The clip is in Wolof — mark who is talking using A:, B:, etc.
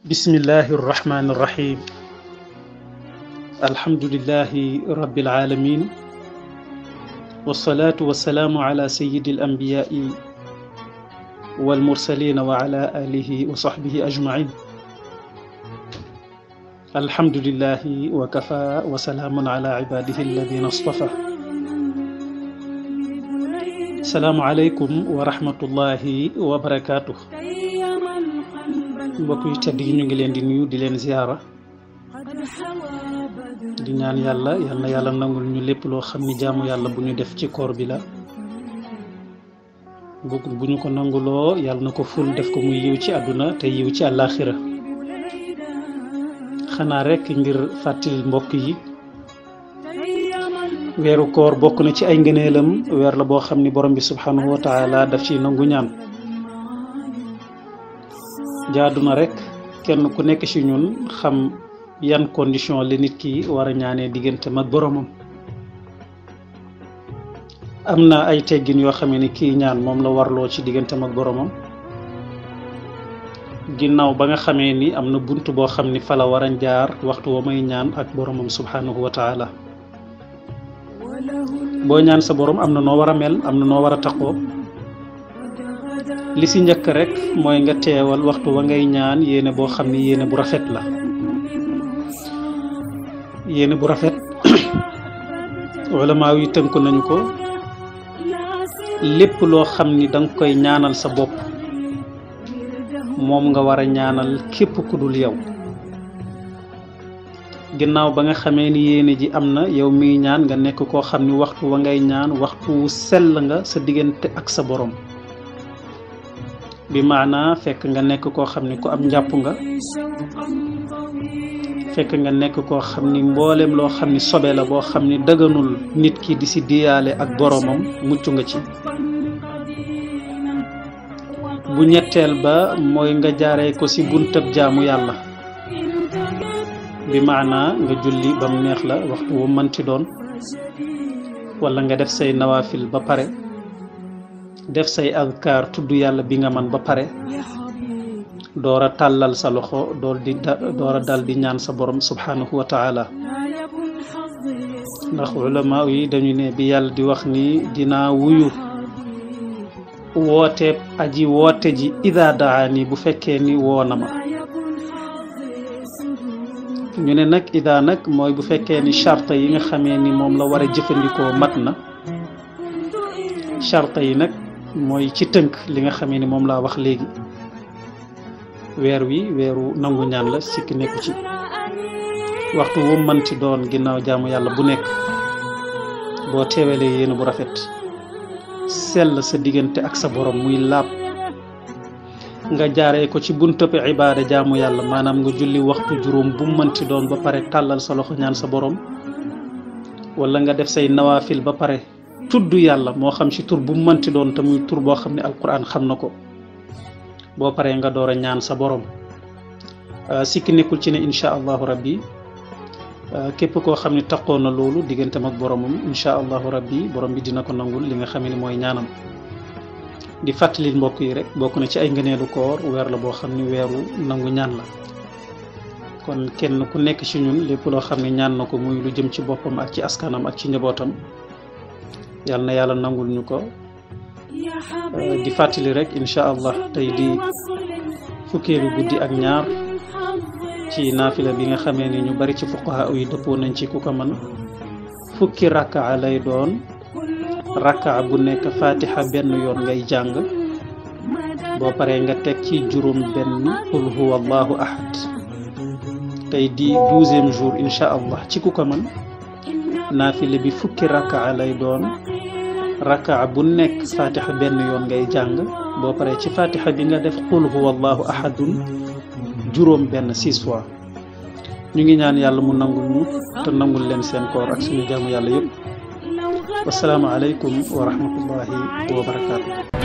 A: bismillahi irrahmani irrahim alhamdulilahi rabbil alamin wasalaatu wasalaamu ala sayidi al anbiyaai wal mursalina wa ala alihi wa sahbihi ajmain alhamdulilahi wa kafa wa salaamun ala ibadihi alladina astafa salaamu aleykum wa rahmatullahi wa barakatuh mbokk yu tedd yi ñu ngi leen di nuyu di leen ziyaara di ñaan yàlla yàlla na yàlla nangul ñu lépp loo xam ni jàmm yàlla bu ñu def ci koor bi la bu bu ñu ko nanguloo yàlla na ko ful def ko muy yiw ci àdduna te yiw ci àllaaxira xanaa rekk ngir fàttali mbokk yi weeru koor bokk na ci ay ngëneelam weer la boo xam ni borom bi subhaanahu wa taala ci nangu ñaan jaaduma na rek kenn ku nekk ci ñun xam yan condition la nit ki war a ñaanee digganteem ak boromam am na ay teggin yoo xamee ni kii ñaan moom la warloo ci digganteem ak boromam ginnaaw ba nga xamee ni am na bunt boo xam ni fa la war a jaar waxtu woo may ñaan ak boromam subhanahu wa boo ñaan sa borom am na noo war a mel am na noo war a li si njëkk rekk mooy nga teewal waxtu wa ngay ñaan yéene boo xam ni yéene bu rafet la yéene bu rafet ulamaa yi tënku nañu ko lépp loo xam ni danga koy ñaanal sa bopp moom nga war a ñaanal képp ku dul yow ginnaaw ba nga xamee ni yéene ji am na yow miy ñaan nga nekk koo xam ni waxtu wa ngay ñaan waxtu wu sell nga sa diggante ak sa boroom bi maanaa fekk nga nekk koo xam ni ko am njàpp nga fekk nga nekk koo xam ni mbooleem loo xam ni sobe la boo xam ni dëgganul nit ki di ci diyaale ak boroomam mucc nga ci bu ñetteel ba mooy nga jaare ko si buntab jaamu yàlla bi maanaa nga julli ba mu neex la waxtu wu mënti doon walla nga def say nawaafil ba pare def say azkaar tudd yàlla bi nga man ba pare door tàllal sa loxo door dal di ñaan sa borom subhanahu wa taala ndax ulama yi dañu ne bi yàlla di wax ni dinaa wuyu wooteeb aji woote ji ida daani bu fekkee ni woona ma ñu ne nag ida nag mooy bu fekkee ni charte yi nga xame ni moom la war a jëfandikoo mat na charta yi nag mooy ci tënk li nga xamee ni moom laa wax léegi weer wi weeru nangu ñaan la sikki nekku ci waxtu wu mënti doon ginnaaw jaamu yàlla bu nekk boo teewalee yéen bu rafet sell sa diggante ak sa boroom muy laab nga jaaree ko ci buntëb ibaada jaamu yàlla maanaam nga julli waxtu juróom bu mënti doon ba pare tàllal sa loxo ñaan sa borom wala nga def say nawaafil ba pare tudd yàlla moo xam ci tur bu mu mënti doon tam muy tur boo xam ne alquran xam na ko boo paree nga door a ñaan sa borom euh, sikki nekkul ci ne incha allahu rabbi euh, képp koo xam ne taqoo na loolu digganteem ak boromam incha allahu rabbi borom bi dina ko nangul li nga xam ne mooy ñaanam. di fàttali mbokk yi rek bokk na ci ay ngëneelu koor weer la boo xam ne weeru nangu ñaan la kon kenn ku nekk ci ñun lépp loo xam ne ñaan na ko muy lu jëm ci boppam ak ci askanam ak ci njabootam. yàlla na yàlla nangul ñu ko euh, di fàttali rek incha allah tey di fukkeelu guddi ak ñaar ci naafila bi nga xamee ni ñu bari ci fuqaha yi dëppoo nañ ci ku ko mën fukki rakkaa lay doon rakkaa bu nekk fatiha benn yoon ngay jàng boo paree nga teg ci juróom benn qul huwa allahu ahad tey di douzième jour incha allah ci ku ko mën naafila bi fukki rakkaa lay doon raka bu nekk fatiha benn yoon ngay jàng boo paree ci fatiha bi nga def qul huwallahu ahadun juróom benn six fois ñu ngi ñaan yàlla mu nangu mu te nangul leen seen koor ak suñu jaamu yàlla yëpp wasalaamu aleykum wa rahmatullahi wa